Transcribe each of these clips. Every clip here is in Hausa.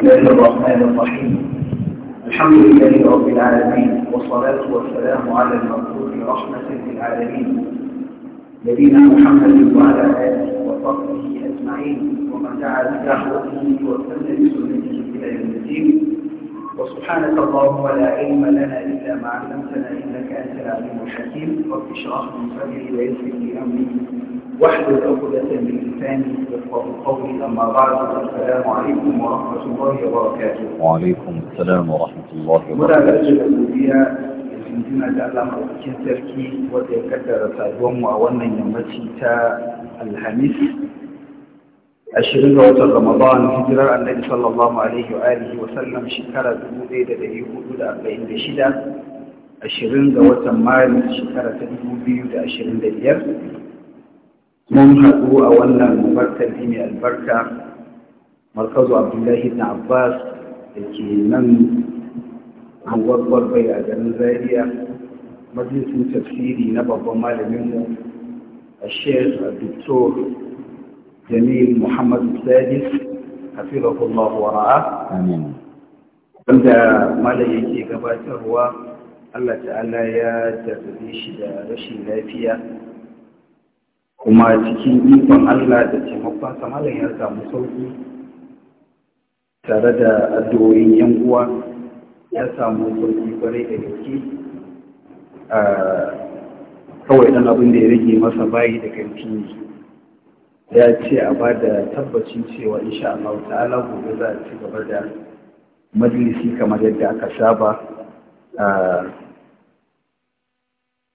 الله الرحمن الرحيم الحمد لله رب العالمين والصلاة والسلام على المرسول رحمة للعالمين نبينا محمد وعلى آله وصحبه أجمعين ومن دعا بدعوته وسن بسنته إلى يوم الدين وسبحانك اللهم لا علم لنا إلا ما علمتنا إنك أنت العليم الحكيم رب اشرح لي صدري ويسر لي أمري وحده الأولى بالإنسان وفي أما بعد السلام عليكم ورحمة الله وبركاته وعليكم السلام ورحمة الله وبركاته مدى بسجد المدية عندما تعلم أركين تركي وتكدر تعلم أولا يمتي تا الهميس أشهد أن رمضان هجرة النبي صلى الله عليه وآله وسلم شكر الدنيا إيه الذي يقول أبين بشدة أشهد أن وتمارس شكر الدنيا الذي يقول أبين بشدة mun haɗu a wannan mubarkaci mai albarka markazu abdullahi na abbas da ke nan anguwar bai a garin zaria majalisun tafsiri na babban malaminmu a shek doktor jamil muhammad sadis hafizahullah wa ra'a wanda malam yake gabatarwa allah ta'ala ya tafi shi da rashin lafiya kuma cikin ikon Allah da taimakon Samalin ya samu sauki tare da addu'o'in yan uwa ya samu sauki kwarai da gaske kawai dan abin da ya rage masa bayi da karfi ya ce a ba da tabbacin cewa insha Allah ta'ala gobe za a ci gaba da majalisi kamar yadda aka saba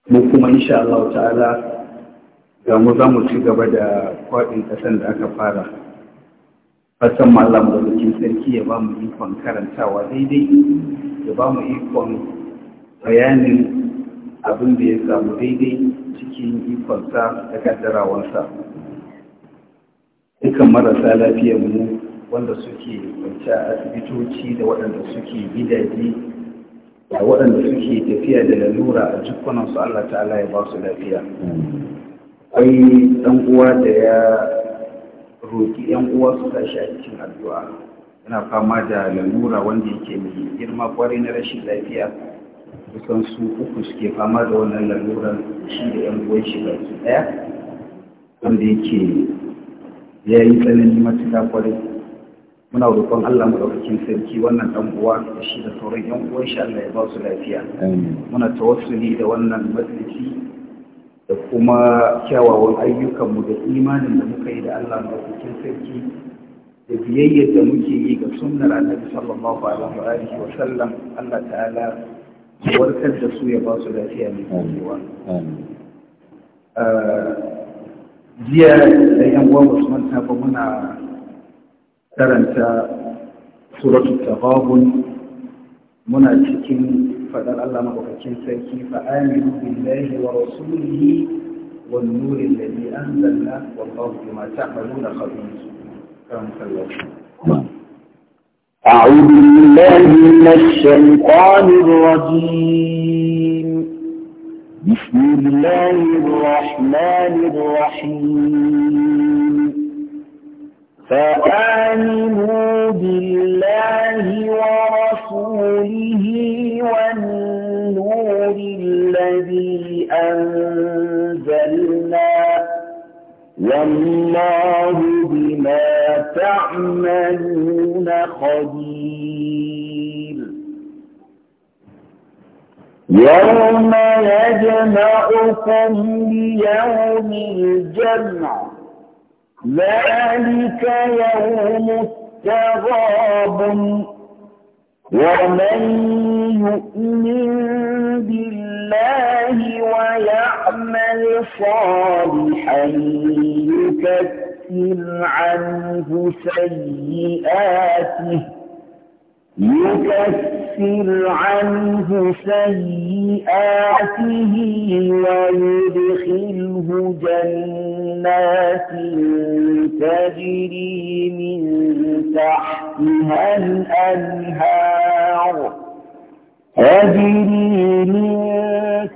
mu kuma insha Allah ala da mu za mu ci gaba da kwaɗin ƙasan da aka fara fasan mallam da bikin sarki ya ba mu ikon karantawa daidai ya ba mu ikon bayanin abin da ya samu daidai cikin ikonsa da kaddarawarsa dukan marasa lafiyar mu wanda suke kwanci a asibitoci da waɗanda suke gidaje da waɗanda suke tafiya da lalura a jikunansu Allah ta'ala ya ba su lafiya akwai dan uwa da ya roƙi ‘yan uwa su tashi a cikin addu'a yana fama da lalura wanda yake mai girma kwarai na rashin lafiya kusan su uku suke fama da wannan lalurar shi da ‘yan uwan shi baki ɗaya wanda yake ya yi tsanani matuƙa kwarai muna roƙon Allah maɗaukakin sarki wannan ɗan uwa da shi da sauran ‘yan uwan shi Allah ya ba su lafiya muna tawassuli da wannan majalisi da kuma kyawawan ayyukanmu da imanin da muka yi da Allah maɗaukakin sarki da biyayyar da muke yi ga sunnar annabi sallallahu alaihi wa sallam Allah ta'ala warkar da su ya ba su lafiya mai kamewa. jiya da yan uwa wasu manta ba muna karanta suratul tababun muna cikin فدل الله مبكين سيكي فآمنوا بالله ورسوله والنور الذي أنزلنا والله بما تعملون خبير كرم الله أعوذ بالله من الشيطان الرجيم بسم الله الرحمن الرحيم فآمنوا بالله ورسوله والنور الذي أنزلنا والله بما تعملون خبير يوم يجمعكم ليوم الجمع ذلك يوم التغابن ومن يؤمن بالله ويعمل صالحا يكفر عنه سيئاته يكفر عنه سيئاته ويدخله جنات تجري من تحتها الأنهار تجري من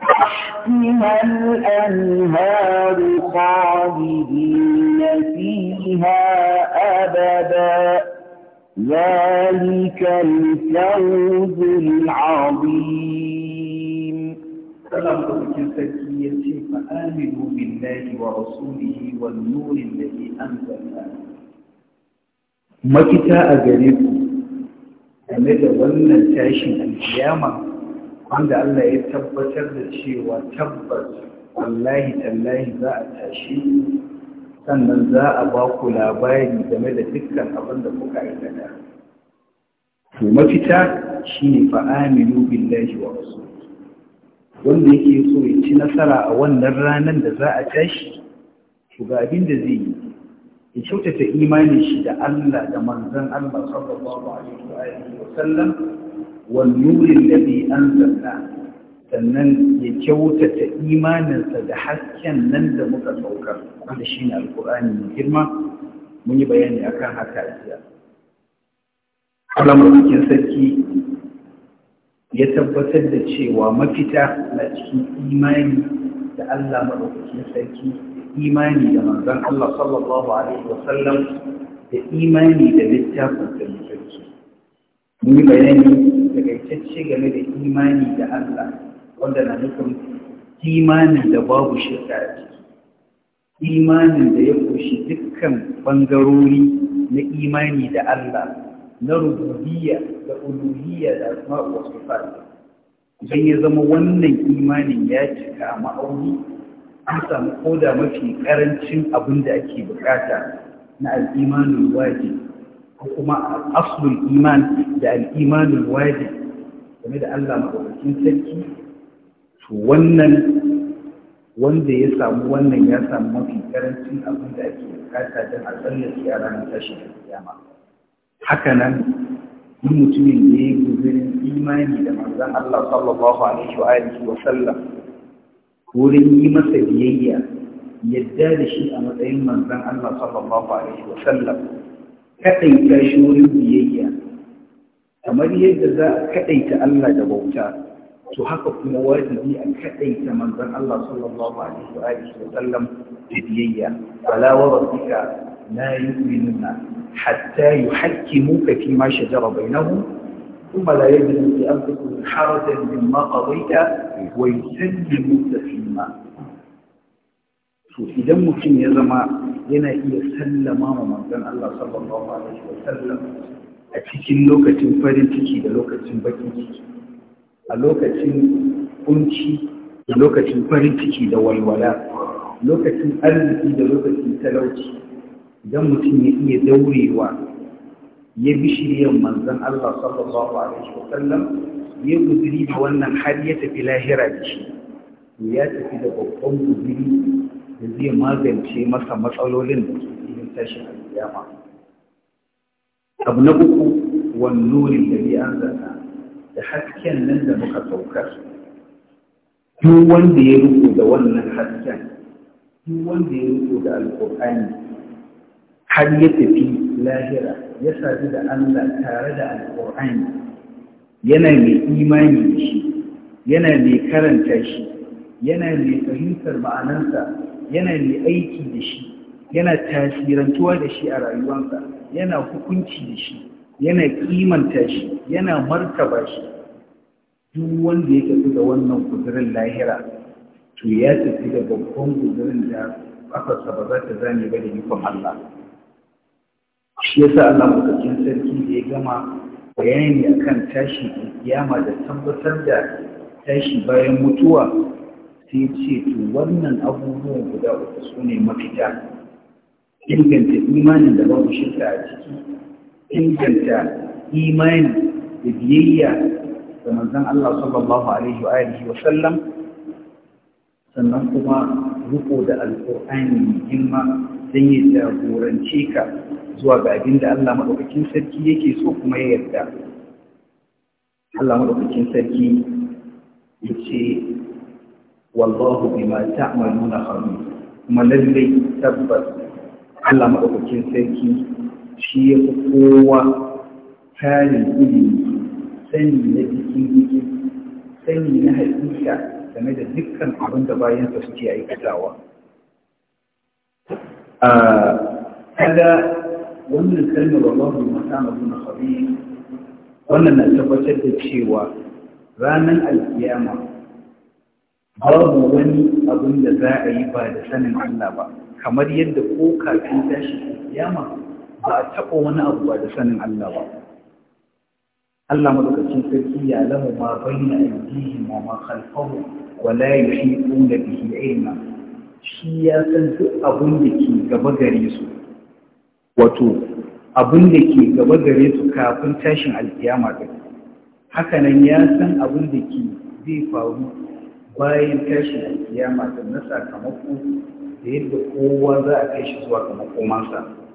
تحتها الأنهار خالدين فيها أبداً ذلك الفوز العظيم سلام عليكم سكية فآمنوا بالله ورسوله والنور الذي أنزلنا مكتا أجريكم game da wannan tashin alkiyama wanda Allah ya tabbatar da cewa tabbas wallahi tallahi za a tashi sannan za a ba ku labari game da dukkan abin da kuka aikata to mafita shine fa aminu billahi wa rasulihi wanda yake so ya ci nasara a wannan ranar da za a tashi to ga abin da zai yi ya kyautata imanin shi da Allah da manzon Allah sallallahu alaihi wa sallam wal nuril ladhi sannan ya kyautata imaninsa da hasken nan da muka saukar wanda shi ne alkur'ani mai girma mun yi bayani akan haka a jiya Allah cikin sarki ya tabbatar da cewa mafita na cikin imani da Allah maɗaukakin sarki imani da manzon Allah sallallahu alaihi wasallam da imani da littafin sarki mun yi bayani da game da imani da Allah wanda na nufin imanin da babu shirka a ciki imanin da ya ƙunshi dukkan ɓangarori na imani da Allah na rububiyya da uluhiyya da asma'u wa sifat idan ya zama wannan imanin ya cika a ma'auni an samu koda mafi karancin abin da ake bukata na al'imanin wajib ko kuma aslul iman da al'imanin wajib game da Allah maɗaukakin sarki to wannan wanda ya samu wannan ya samu mafi karancin abin da ake bukata don a tsallake a ranar tashin kiyama haka nan duk mutumin da ya yi guzurin imani da manzon Allah sallallahu alaihi wa alihi wa sallam wurin yi masa biyayya yadda da shi a matsayin manzon Allah sallallahu alaihi wa sallam kadaita shi wurin biyayya kamar yadda za a kadaita Allah da bauta to haka kuma wajibi a kaɗaita manzon Allah sallallahu alaihi wa alihi wa sallam da biyayya wala wa rabbika la yu'minuna hatta yuhakkimuka fi ma shajara bainahum ثم لا يجد في أنفسهم حرجا مما قضيت ويسلموا تسليما to idan mutum ya zama yana iya sallama ma manzon Allah sallallahu alaihi wa sallam a cikin lokacin farin ciki da lokacin bakin ciki a lokacin kunci da lokacin farin ciki da walwala lokacin arziki da lokacin talauci idan mutum ya iya daurewa ya bi shiryan manzan Allah sallallahu alaihi wa sallam ya guduri da wannan har ya tafi lahira da shi to ya tafi da babban guduri da zai magance masa matsalolin da ke cikin tashin alkiyama abu na uku wannan nurin da bi an zata da hasken nan da muka saukar duk wanda ya riko da wannan hasken duk wanda ya riko da alƙur'ani har ya tafi lahira ya sadu da Allah tare da alƙur'ani yana mai imani da shi yana mai karanta shi yana mai fahimtar ma'anansa yana mai aiki da shi yana tasirantuwa da shi a rayuwansa yana hukunci da shi yana kimanta shi yana martaba shi duk wanda ya tafi da wannan kudurin lahira to ya tafi da babban kudurin da aka ba za ta zane ba da nufin Allah shi yasa Allah mutakin sarki da ya gama bayani akan tashi kiyama da tabbatar da tashi bayan mutuwa sai ce to wannan abubuwan guda uku su ne mafita inganta imanin da babu shirka a ciki inganta imani da biyayya da manzon Allah sallallahu alaihi wa alihi wa sallam sannan kuma riko da alƙur'ani mai himma don ya jagorance ka zuwa ga abinda da Allah maɗaukakin sarki yake so kuma ya yarda Allah maɗaukakin sarki ya ce wallahu bima ta'maluna khabir kuma lallai tabbas Allah maɗaukakin sarki shi ya fi kowa tarin ilimi sani na jikin jikin sani na hakika game da dukkan abin da bayansa suke aikatawa a kada wannan kalmar wallahu masama na khabir wannan na tabbatar da cewa ranar alkiyama babu wani abin da za a yi ba da sanin Allah ba kamar yadda ko kafin tashi alkiyama ba a taɓa wani abu ba da sanin Allah ba Allah madaukakin sarki ya lamu ma bayyana addihim wa ma khalfahum wa la yuhiquna bihi ilma shi ya san duk abun da ke gaba gare su wato abun da ke gaba gare su kafin tashin alkiyama din haka nan ya san abun da ke zai faru bayan tashin alkiyama da na sakamako da yadda kowa za a kai shi zuwa ga makomansa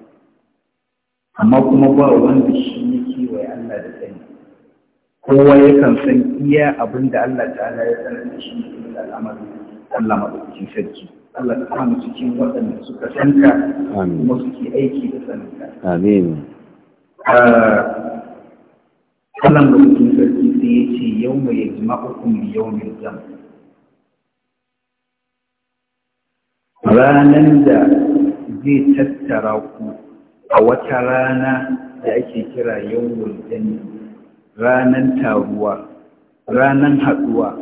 amma kuma ba wanda shi ya kewaye Allah da sani kowa yakan san iya abin da Allah ta'ala ya sanar da shi da al'amarin Allah madaukakin sarki Allah ta kama cikin waɗanda suka sanka kuma suke aiki da sanka amin ah, Allah madaukakin sarki sai ya ce yau mai yajma'ukum yau mai jam. ranar da zai tattara ku a wata rana da ake kira yau jami ranan taruwa ranan haduwa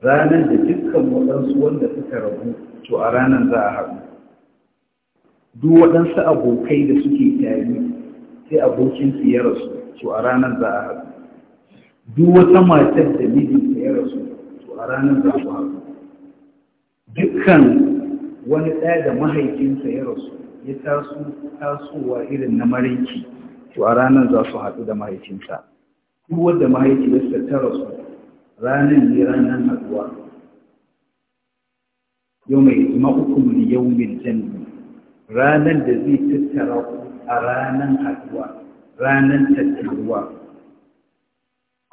ranan da dukkan waɗansu wanda suka rabu to a ranan za a haɗu duk waɗansu abokai da suke tare sai abokinsu ya rasu to a ranan za a haɗu duk wata matar da mijinta ya rasu to a ranan za a haɗu dukkan wani ɗaya da mahaifinsa ya rasu ya taso tasowa irin na maraici to a ranar za su haɗu da mahaifinsa duk wanda mahaifiyarsa ta rasu ranar ne ranar haɗuwa yau mai uku ma'ukum yau yawmin jannah ranar da zai tattara a ranar haɗuwa ranar tattaruwa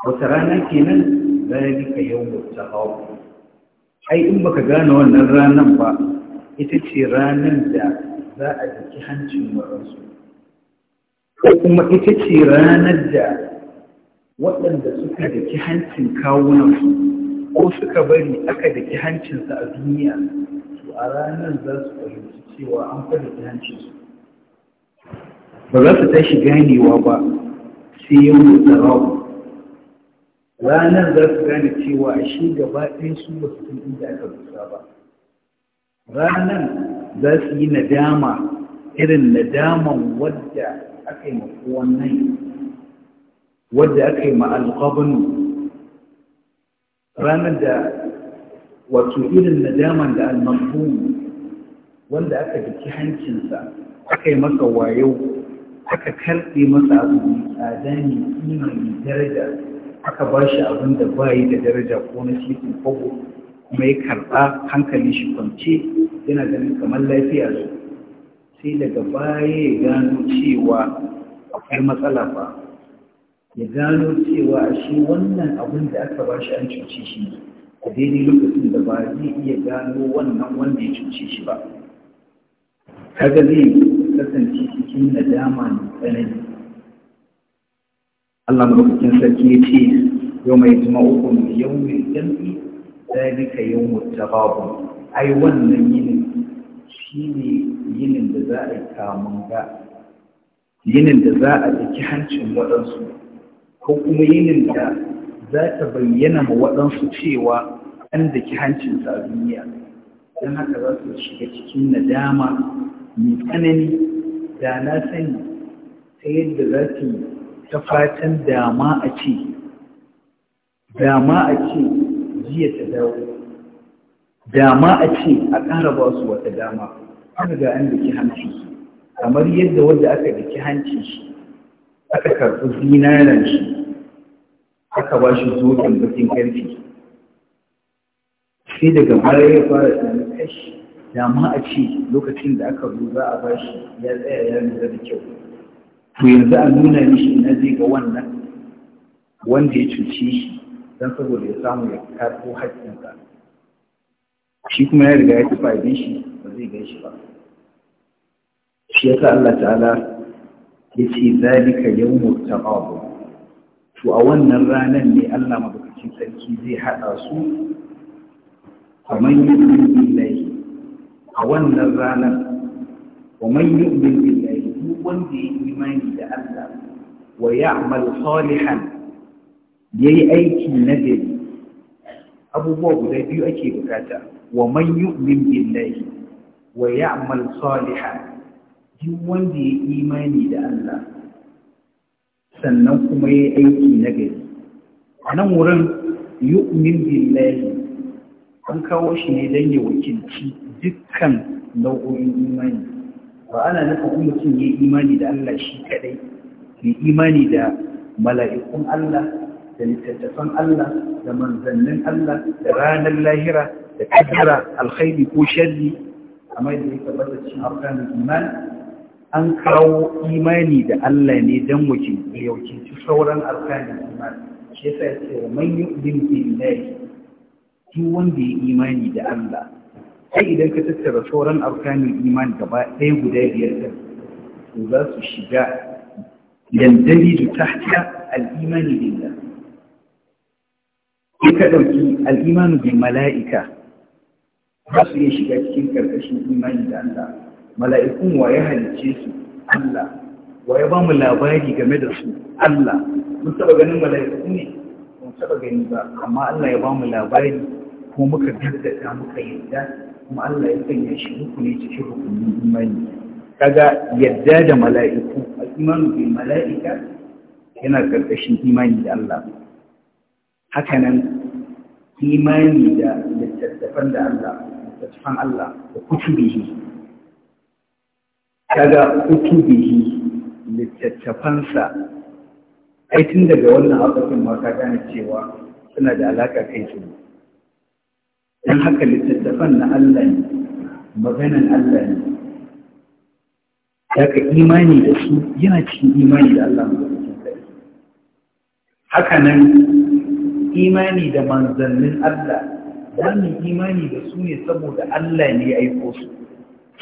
wata ranar kenan za ya zalika ta hawa? ai in baka gane wannan ranar ba ita ce ranar da za a daki hancin waɗansu ko kuma ita ce ranar da waɗanda suka daki hancin kawunansu ko suka bari aka daki hancinsa a duniya to a ranar za su fahimci cewa an fa daki hancinsu ba za su tashi ganewa ba sai yau da ranar za su gane cewa shi gaba ɗaya su ba su san inda aka busa ba ranar za su yi nadama irin nadaman wadda aka yi wannan wadda aka yi ma'alƙabinu ranar da wato irin nadaman da almarhum wanda aka biki hancinsa aka yi masa wayo aka karɓe masa abu mai tsada mai kima mai daraja aka ba shi abin da ba yi da daraja ko na cikin kogo kuma ya karɓa hankali shi kwance yana ganin kamar lafiya su sai daga baya ya gano cewa akwai matsala ba ya gano cewa a shi wannan abin da aka ba shi an cuci shi a daidai lokacin da ba zai iya gano wannan wanda ya cuci shi ba kaga zai kasance cikin nadama mai tsanani Allah madaukakin sarki ya ce yau mai jima'ukun yau mai jam'i zalika yawmut tababun ai wannan yinin shine yinin da za a yi kamun ga yinin da za a daki hancin waɗansu ko kuma yinin da za ta bayyana ma waɗansu cewa an daki hancinsa a duniya don haka za su shiga cikin nadama mai tsanani da na sani ta yadda za su ta fatan dama a dama a ce jiya ta dawo dama a ce a ƙara ba su wata dama an ga an daki hanci kamar yadda wanda aka ki hanci shi aka karɓi zinaran shi aka ba shi zoben bakin ƙarfi sai daga baya ya fara tunanin kashi dama a ce lokacin da aka zo za a ba shi ya tsaya ya lura da kyau to yanzu a nuna mishi na zai ga wannan wanda ya cuce shi don saboda ya samu ya karko haƙƙinsa shi kuma ya riga ya tafi abin shi ba zai gan shi ba shi yasa Allah ta'ala ya ce zalika yawmul taqabul to a wannan ranar ne Allah madaukakin sarki zai haɗa su kamar yu'min billahi a wannan ranar wa man yu'min billahi duk wanda ya imani da Allah wa ya'mal salihan ya yi aiki na gari abubuwa guda biyu ake bukata wa man yu'min billahi wa ya'mal salihan duk wanda ya imani da Allah sannan kuma ya yi aiki na gari a nan wurin yu'min billahi an kawo shi ne don ya wakilci dukkan nau'o'in imani ba ana nufin mutum ya imani da Allah shi kadai ya imani da mala'ikun Allah da littattafan Allah da manzannin Allah da ranar lahira da kaddara alkhairi ko sharri amma da ya tabbata cin arkanin iman an kawo imani da Allah ne dan wace ya ci sauran arkanin iman shi yasa ya ce man yu'minu billahi duk wanda ya imani da Allah sai idan ka tattara sauran arkanin iman gaba ɗaya guda biyar da to za su shiga dandali da tahta al-imani billah sai ka ɗauki al'imanu bin mala'ika za su iya shiga cikin ƙarƙashin imani da Allah mala'ikun wa ya halicce su Allah wa ya ba mu labari game da su Allah mun taɓa ganin mala'iku ne mun taɓa gani ba amma Allah ya ba mu labari ko muka gaggata muka yadda kuma Allah ya sanya shi ne cikin rukunin imani kaga yadda da mala'iku al'imanu bin mala'ika yana ƙarƙashin imani da Allah hakanan imani da littattafan da Allah littattafan Allah da kutubihi kaga kutubihi littattafansa ai daga wannan abokin ma ka gane cewa suna da alaƙa kai su dan haka littattafan na Allah ne maganan Allah ne daga imani da su yana cikin imani da Allah haka nan imani da manzannin Allah za mu imani da su ne saboda Allah ne ya aiko su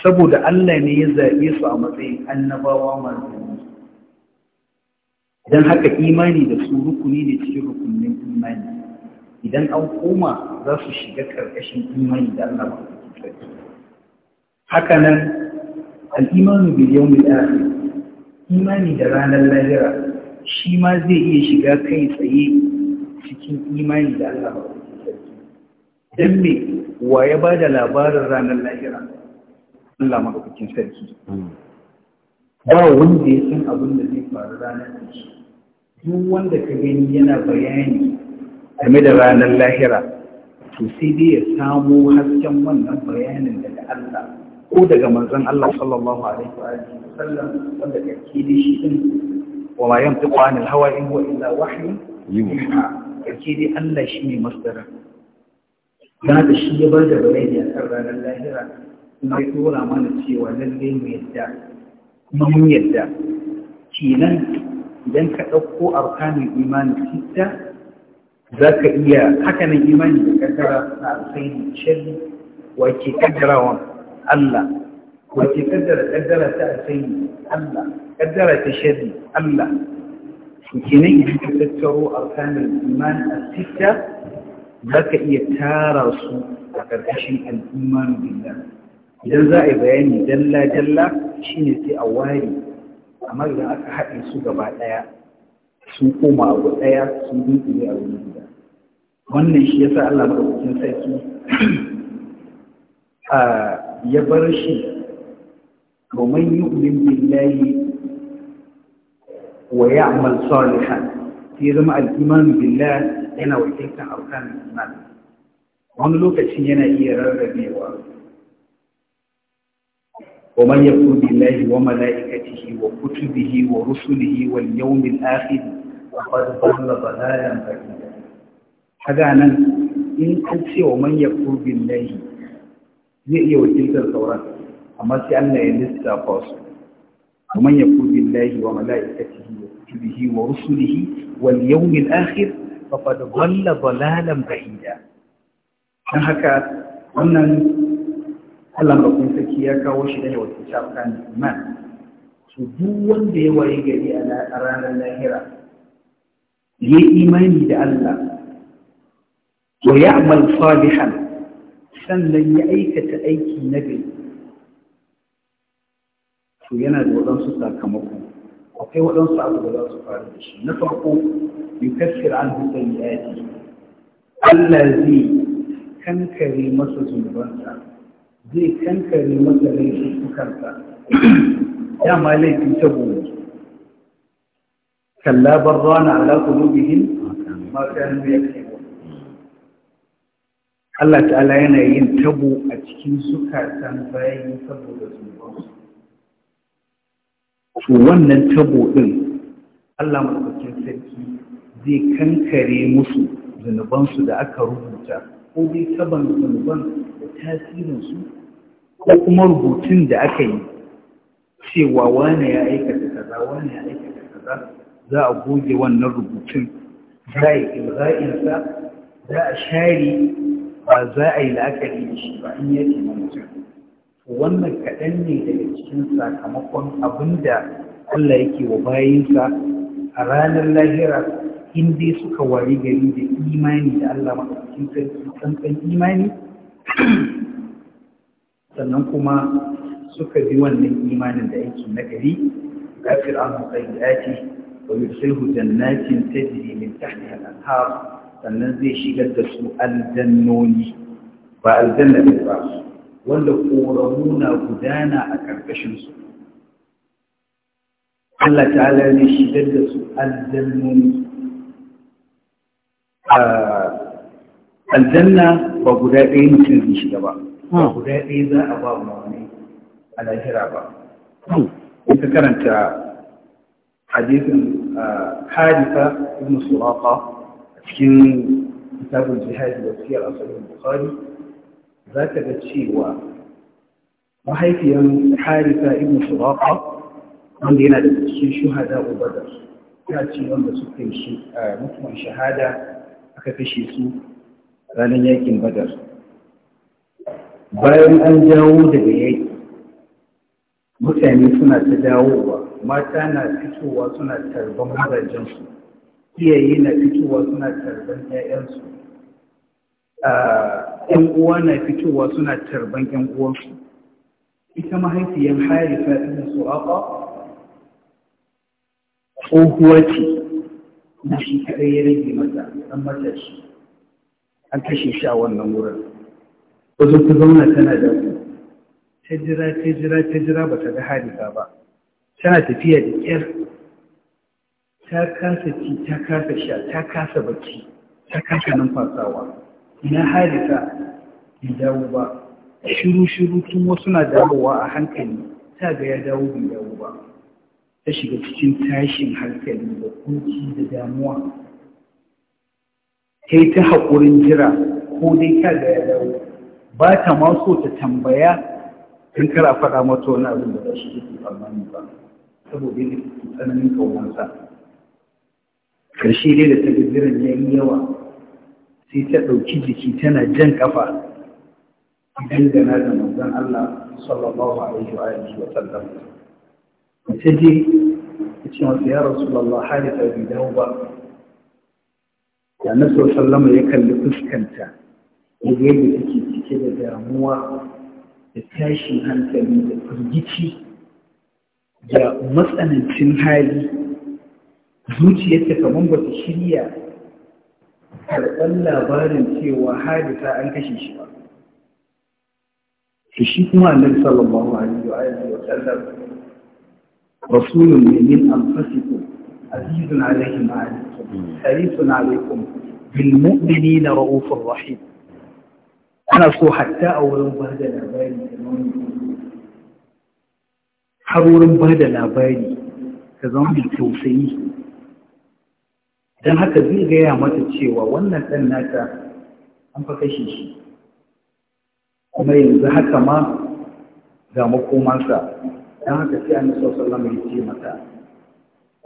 saboda Allah ne ya zaɓe su a matsayin annabawa manzanni Idan haka imani da su rukuni ne cikin rukunin imani idan an koma za su shiga ƙarƙashin imani da Allah ba su haka nan al'imanu biliyan mil'ari imani da ranar lahira shi ma zai iya shiga kai tsaye cikin imani da Allah ba dan me wa ya ba da labarin ranar lahira Allah madaukakin sarki ba wanda ya san abin da zai faru ranar sarki duk wanda ka gani yana bayani game da ranar lahira to sai dai ya samo hasken wannan bayanin daga Allah ko daga manzon Allah sallallahu alaihi wa sallam wanda kake da shi din wa ma yantiqu anil hawa in huwa illa wahyu yuha tsarkake dai Allah shi ne masdara da shi ya bar da bayani a kan ranar lahira kuma ya tura mana cewa lalle mu yadda kuma mun yadda kenan idan ka ɗauko arkanin imani sitta za ka iya hakanan imani da kaddara na alkhairi shari wace ƙaddarawa? Allah wace kaddara kaddara ta alkhairi Allah kaddara ta shari Allah kenan idan ka tattaro arkanin iman al-sitta za ka iya tara su a ƙarƙashin al'imanu billah idan za a yi bayani dalla-dalla shine sai a ware amma idan aka haɗe su gaba ɗaya sun koma abu ɗaya sun dunkule a wuri gida. wannan shi yasa Allah madaukakin sarki ya bar shi domin yu'min billahi ويعمل صالحا في زما الإيمان بالله أنا وكيلك أركان الإيمان wani lokaci yana iya rarrabewa ومن يقول بالله وملائكته وكتبه ورسله واليوم الآخر وقد ضل ضلالا بعيدا هذا أنا إن أنت ومن يقول بالله يأتي iya wakiltar sauran amma sai Allah ya lissa ومن يقول بالله وملائكته وكتبه ورسله واليوم الآخر فقد ضل ضلالا بعيدا dan haka wannan Allah saki ya kawo shi ɗaya wata shafkan iman su duk wanda ya waye gari a ranar lahira ya imani da Allah wa ya'mal salihan sannan ya aikata aiki na gari to yana da waɗansu sakamako akwai waɗansu abu da za su faru da shi na farko yukaffir an hussein ya yi Allah zai kankare masa zunubansa zai kankare masa laifin Ya ma laifin ta gobe kalla barrana ala qulubihim ma kanu yakfurun Allah ta'ala yana yin tabo a cikin zukatan bayan saboda su to wannan tabo ɗin Allah maɗaukakin sarki zai kankare musu zunubansu da aka rubuta ko dai taban zunuban da tasirinsu ko kuma rubutun da aka yi cewa wane ya aikata kaza wane ya aikata kaza za a goge wannan rubutun za a yi za a share ba za a yi la'akari da shi ba in yake na mutum wannan kaɗan ne daga cikin sakamakon abin da Allah yake wa bayinsa a ranar lahira in dai suka wari gari da imani da Allah maɗaukakin sarki tsantsan imani sannan kuma suka bi wannan imanin da aiki na gari kafir an sayyati wa yursilhu jannatin tajri min tahtiha al sannan zai shigar da su aljannoni ba aljanna ba wanda ƙoramu na gudana a ƙarƙashinsu Allah ta ne shigar da su aljanna ba guda ɗaya mutum zai shiga ba ba hmm. guda ɗaya za a ba wani a lahira ba hmm. in ka karanta hadisin harisa ibn suraqa a cikin kitabun jihadi da a asalin bukhari za ka ga cewa mahaifiyan harisa ibn shuraqa wanda yana da cikin shuhada ubadar ta ce wanda suka yi mutuwan shahada aka kashe su ranar yakin badar bayan an jawo daga yaki mutane suna ta dawowa mata na fitowa suna tarban mazajensu iyaye na fitowa suna tarban 'ya'yansu ‘yan uwa na fitowa suna tarban ‘yan uwansu ita mahaifiyar harifa ɗin su'aƙa tsohuwa ce na shi kaɗai ya rage mata an mata shi an kashe shi a wannan wurin wazo ta zauna tana da ta jira ta jira ta jira ba ta ga harifa ba tana tafiya da ƙyar ta kasa ci ta kasa sha ta kasa bacci ta kasa numfasawa Ina harita bai dawo ba shiru-shiru tun wasu na dawowa a hankali ta ga ya dawo bai dawo ba ta shiga cikin tashin hankali da kunci da damuwa ta yi ta haƙurin jira ko dai ta ga ya dawo ba ta ma ta tambaya in kara faɗa mata wani abin da za shi ke tsammani ba saboda yadda ke tsananin ƙaunarsa ƙarshe dai da ta ga jiran ya yi yawa sai ta ɗauki jiki tana jan ƙafa. kafa dangana da manzon Allah sallallahu alaihi wa alihi wa sallam ta je ta ce masa ya rasulullah halita bai dawo ba Ya na sallama ya kalli fuskanta ya ga yadda take cike da damuwa da tashin hankali da firgici da matsanancin hali zuciyarta kamar ba ta shirya karɓar labarin cewa hadisa an kashe shi ba shi shi kuma annabi sallallahu alaihi wa alihi wa sallam rasulun ne min anfusikum azizun alaihi ma alaikum harisun alaikum bil mu'minina ra'ufur rahim ana so hatta a wurin ba da labari har wurin ba da labari ka zama mai tausayi don haka zai gaya mata cewa wannan ɗan nata an fa kashe shi kuma yanzu haka ma ga makomansa don haka sai an nasa sallama ya ce mata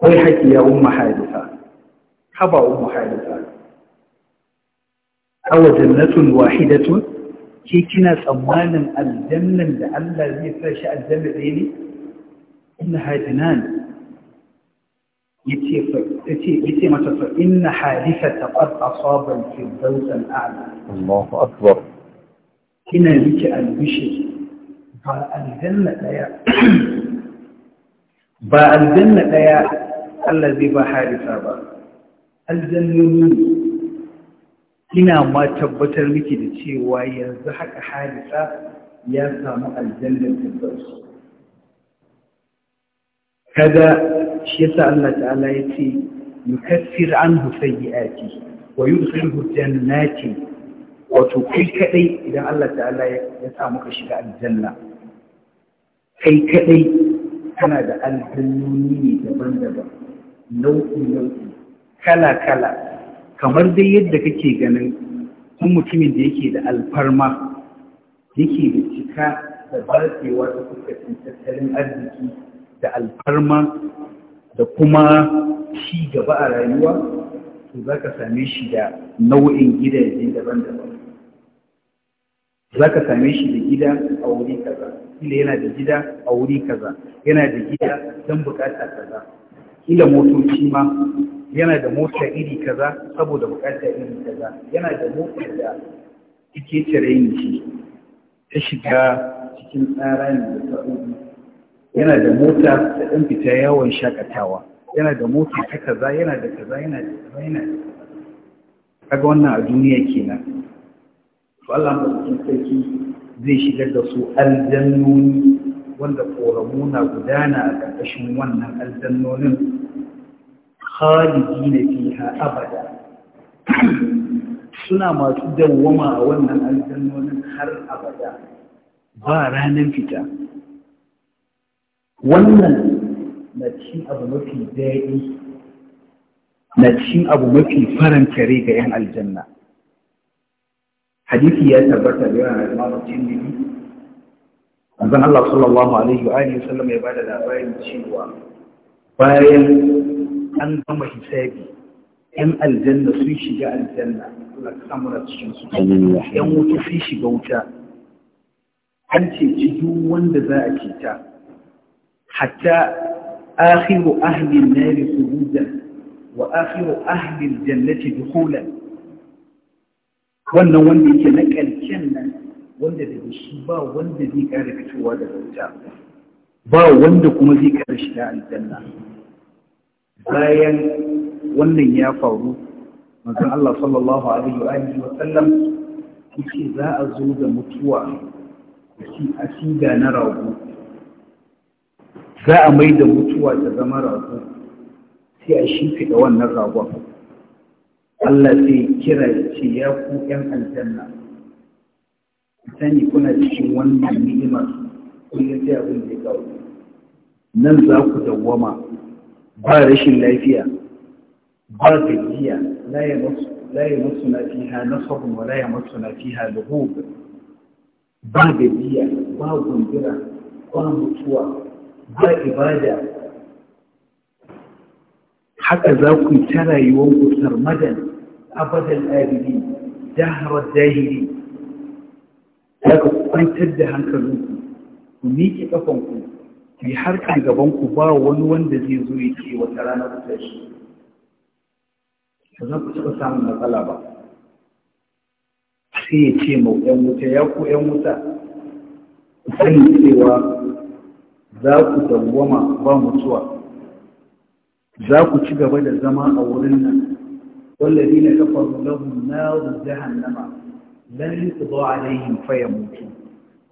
kai haƙi ya umma halifa haba umma halifa awa jannatun wahidatun ke kina tsammanin aljannan da Allah zai sa shi aljanna ɗaya ne inna hadinan yace mata fa inna hadithata qad asaba al-firdaus al-a'la Allahu akbar kina miki albishi ba aljanna daya ba aljanna daya allazi ba hadisa ba aljannoni kina ma tabbatar miki da cewa yanzu haka hadisa ya samu aljannar firdaus kada shi yasa Allah ta'ala ya ce yukaffir anhu sayyi'ati wa na jannati wato kai kaɗai idan Allah ta'ala ya sa muka shiga aljanna kai kaɗai kana da aljannoni ne daban-daban nau'i nau'i kala kala kamar dai yadda kake ganin kun mutumin da yake da alfarma yake da cika da batsewa da kuka tattalin arziki da alfarma da kuma shi gaba a rayuwa to za ka same shi da nau'in gidaje daban-daban za ka same shi da gida a wuri kaza Ila yana da gida a wuri kaza yana da gida don bukata kaza Ila motoci ma yana da mota iri kaza saboda bukata iri kaza yana da mota da ike tare shi ta shiga cikin tsara ne da sa'o'i yana da mota da ɗan fita yawon shakatawa yana da mota ta kaza yana da kaza yana da kaza yana da kaga wannan a duniya kenan to Allah madaukakin sarki zai shigar da su aljannoni wanda koramu na gudana a ƙarƙashin wannan aljannonin na fiha abada suna masu dawwama a wannan aljannonin har abada ba ranar fita wannan na cikin abu mafi daɗi na cin abu mafi faranta rai ga 'yan aljanna hadisi ya tabbata da yawan al'amarin ciniki azan Allah sallallahu alaihi wa alihi sallam ya bada labarin cewa bayan an gama hisabi yan aljanna sun shiga aljanna suna ka samu cikin su yan wuta sun shiga wuta an ce ci duk wanda za a cita hatta akhiru ahli an-nar sujudan wa akhiru ahli al-jannati wannan wanda yake na ƙarshen nan wanda daga shi ba wanda zai ƙara fitowa daga wuta ba wanda kuma zai ƙara shiga aljanna bayan wannan ya faru manzon Allah sallallahu alaihi wa wa sallam za a zo da mutuwa da shi na rago za a mai da mutuwa ta zama rago sai a da wannan ragon Allah sai kira ya ce ya ku ‘yan aljanna sani kuna cikin wannan ni'imar kullum sai abin da ya kawo nan za ku dawwama ba rashin lafiya ba gajiya la ya masu na fiha nasabun wa la ya masu na fiha ba gajiya ba gundura ba mutuwa ba ibada haka za ku yi ta rayuwar gusar madan abadan abidi daharar zahiri za ka kwantar da hankalinku ku miƙe ƙafanku ku yi harkar gabanku ba wani wanda zai zo ya ce wata rana ku tashi ba za ku taɓa samun matsala ba sai ya ce ma 'yan wuta ya ku 'yan wuta sani cewa za ku dawwama ba mutuwa za ku ci gaba da zama a wurin nan wallazi na kafaru lahum naru jahannama lan yuqda alaihim fayamutu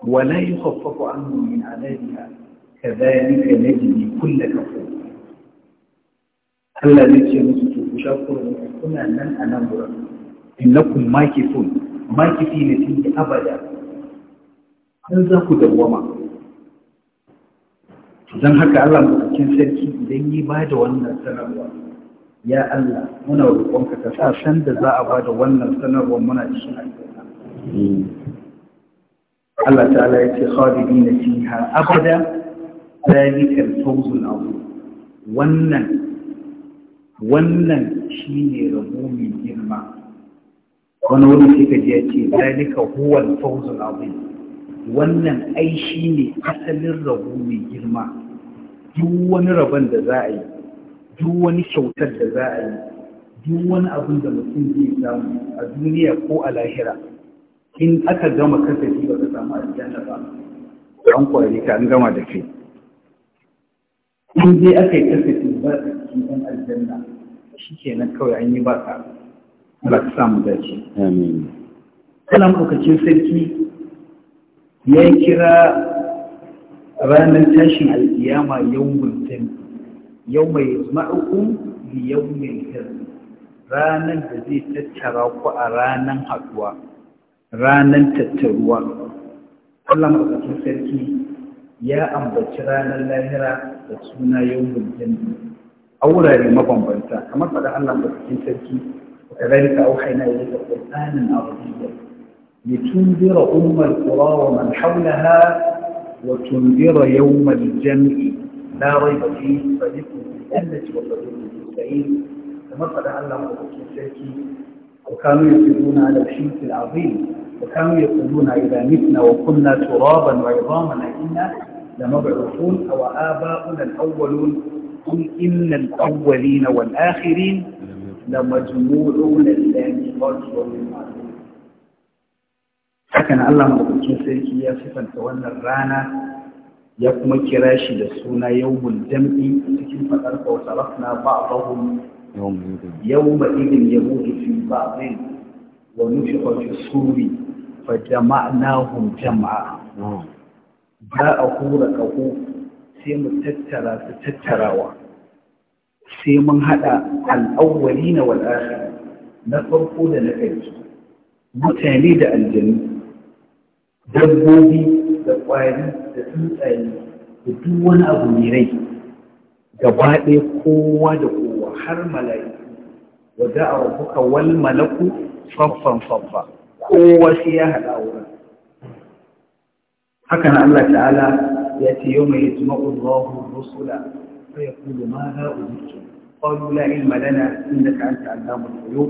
wa la yukhaffafu anhum min adhabiha kadhalika najzi kull kafur Allah zai ce musu to ku sha kuna nan a nan wurin innakum makifun makifi ne tun abada an za ku dawwama don haka Allah maɗaukakin sarki idan yi ba da wannan sanarwa ya Allah muna roƙonka ka sa san da za a ba da wannan sanarwa muna cikin aljanna Allah ta'ala ya ce khalidina fiha abada zalika al-fawzul azim wannan wannan shine rabo mai girma wani wani sai ka ji ya ce zalika huwa al-fawzul azim wannan ai shi ne asalin rabo mai girma duk wani rabon da za a yi duk wani kyautar da za a yi duk wani abin da mutum zai samu a duniya ko a lahira in aka gama kasafi ba ka samu aljanna ba an kwari ka an gama da kai in dai aka yi kasafi ba a cikin ɗan aljanna shi kenan kawai an yi ba ka Allah ka samu dace. Amin. Kana sarki ya kira ranar tashin alkiyama yau mutum yau mai ma'ukun da yau mai ranar da zai tattara ku a ranar haduwa ranar tattaruwa Allah maɗaukacin sarki ya ambaci ranar lahira da suna yau mutum a wurare mabambanta kamar faɗa Allah maɗaukacin sarki wa da auhaina ya yi da ƙwasanin a wajen لتنذر أم القرى ومن حولها وتنذر يوم الجمع لا ريب فيه فريق الجنة وفريق في كما قد علم الشيخ وكانوا يقولون على الشرك العظيم وكانوا يقولون إذا متنا وكنا ترابا وعظاما إنا لمبعوثون أو آباؤنا الأولون قل إن الأولين والآخرين لمجموعون إلى ميقات يوم hakan Allah madaukakin sarki ya sifanta wannan rana ya kuma kira shi da suna yawmul jam'i cikin fadar ka wata rafna ba'dahum yawma idin yamutu fi ba'dhin wa nufiqa fi suri fa jama'nahum jam'a za a hura kaho sai mu tattara su tattarawa sai mun hada al'awwalina wal akhir na farko da na ƙarshe mutane da aljanu dabbobi da ƙwari da tsuntsaye da duk wani abu mai rai gaba ɗaya kowa da kowa har mala'iku wa za a rabuka wal malaku faffan faffa kowa sai ya haɗa wurin haka na Allah ta'ala ya ce yau mai yajma'u Allahu rusula fa yaqulu ma za ujitu qalu la ilma lana innaka anta allamul ghuyub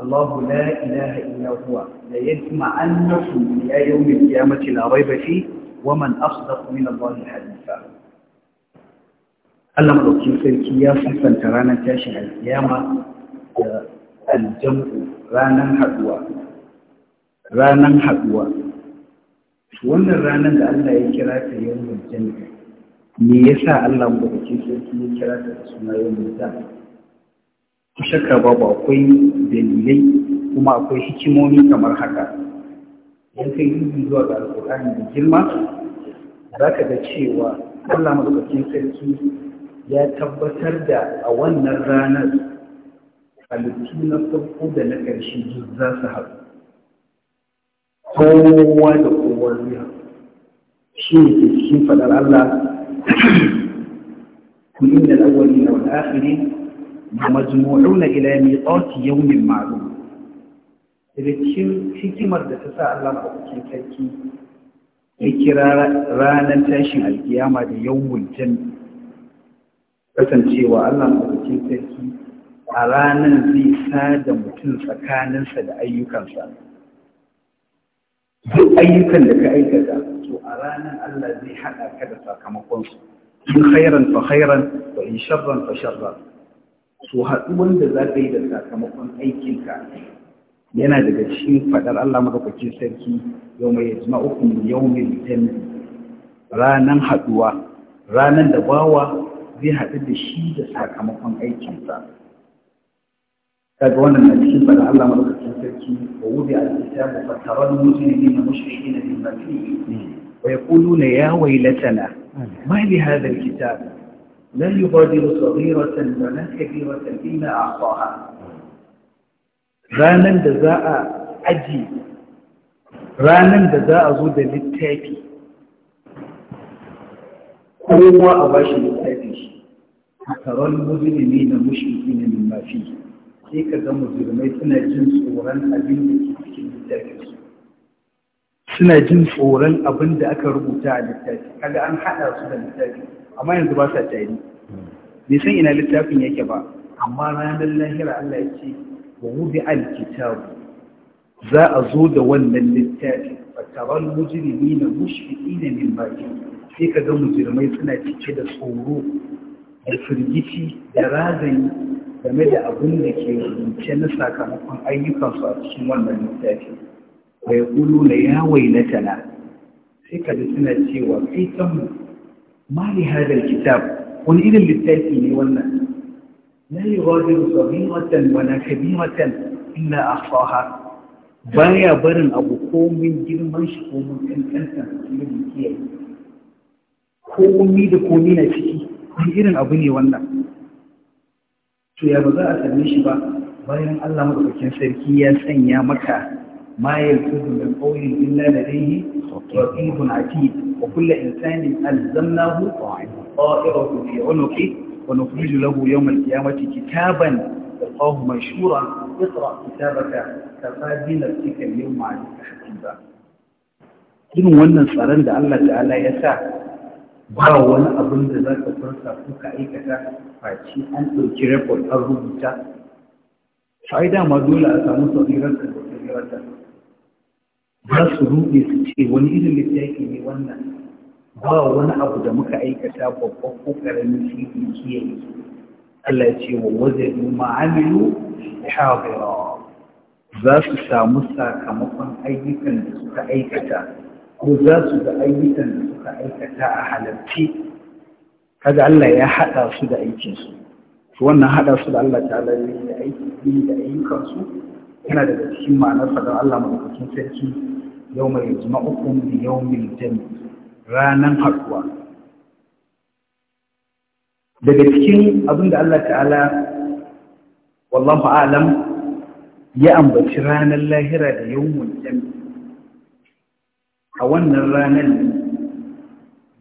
الله لا إله إلا هو ليجمع أنكم إلى يوم القيامة لا ريب فيه ومن أصدق من الله حديثا Allah maɗauki sarki ya sufanta ranar tashin alkiyama da aljam'u ranar haɗuwa. Ranar haɗuwa. Wannan ranar da Allah ya kira ta yau jami'a, me ya sa Allah maɗauki sarki ya kira ta suna yau jami'a? shakka babu akwai dalilai kuma akwai hikimomi kamar haka idan kai yi zuwa ga alƙur'ani da girma za ka ga cewa allah maɗaukakin sarki ya tabbatar da a wannan ranar halittu na farko da na ƙarshe duk za su haɗu kowa da kowa zuwa shi ne ke cikin faɗar allah kuɗin da al'awwali na wani ومجموعون إلى ميقات يوم معلوم ركيو في كمر دفع الله أبكي كيكي يكي رانا تاشي القيامة ليوم الجنة فتنجي والله أبكي كيكي رانا زي سادة متنسة كانا سادة أيوكا سادة أيوكا لك أيكا دا أرانا الذي حقا كدفا كما قلت إن خيرا فخيرا وإن شرا فشرا to haɗu wanda za ka yi da sakamakon aikinka yana daga cikin faɗar Allah madaukakin sarki yau mai yajma uku yau mai jami ranan haɗuwa ranar da bawa zai haɗu da shi da sakamakon aikinsa kaga wannan a cikin faɗar Allah madaukakin sarki wa wudi a kitabu fataran mujrimin mushrikin na mafi wa yaquluna ya waylatana ma li hadha alkitab لا يبادر صغيرة ولا كبيرة فيما أعطاها ranan da za a aji ranan da za a zo da littafi kowa a bashi littafi shi a taron muzulmi na mushriki na limafi sai ka ga muzulmai suna jin tsoron abinda ke cikin littafin su suna jin tsoron aka rubuta a littafi kaga an haɗa su da littafi amma yanzu ba sa tari bai san ina littafin yake ba amma ranar lahira Allah ya ce wa wuzi alkitabu za a zo da wannan littafin fataral mujirimi na mushfiqi ne min baki sai ka ga mujirmai suna cike da tsoro da firgici da razani game da abin da ke rubuce na sakamakon ayyukansu a cikin wannan littafi bai na ya tana. sai ka ji suna cewa kai mu. ma li hadal kitab wani irin littafi ne wannan la yughadiru saghiratan wala kabiratan illa ahsaha baya barin abu ko komin girman shi komin kankanta irin kiyaye komi da komi na ciki wani irin abu ne wannan to ya ba za a same shi ba bayan Allah madaukakin sarki ya sanya maka ma yalkudu da qawlin illa ladayhi raqibun atid وكل إنسان ألزمناه طائره في عنقه ونخرج له يوم القيامة كتابا تلقاه منشورا اقرأ كتابك كفى بنفسك اليوم عليك حسيبا irin wannan tsaron da Allah ta'ala ya sa ba wani abin da za ka furta ko ka aikata face an ɗauki rekod an rubuta fa'ida ma dole a samu saurirar da saurirar za su ruɗe su ce wani irin littafi ne wannan ba wani abu da muka aikata babban ko karamin shi kiyaye Allah ya ce wa wazadu ma'amilu hadira za su samu sakamakon ayyukan da suka aikata ko za su ga ayyukan da suka aikata a halarci kaga Allah ya haɗa su da aikinsu to wannan haɗa su da Allah ta'ala ya yi aiki da ayyukansu yana daga cikin ma'anar faɗin Allah madaukakin sarki يوم يجمعكم ليوم الجمع ranan haɗuwa daga cikin abin da Allah ta'ala wallahu alam ya ambaci ranar lahira da yawon jami a wannan ranar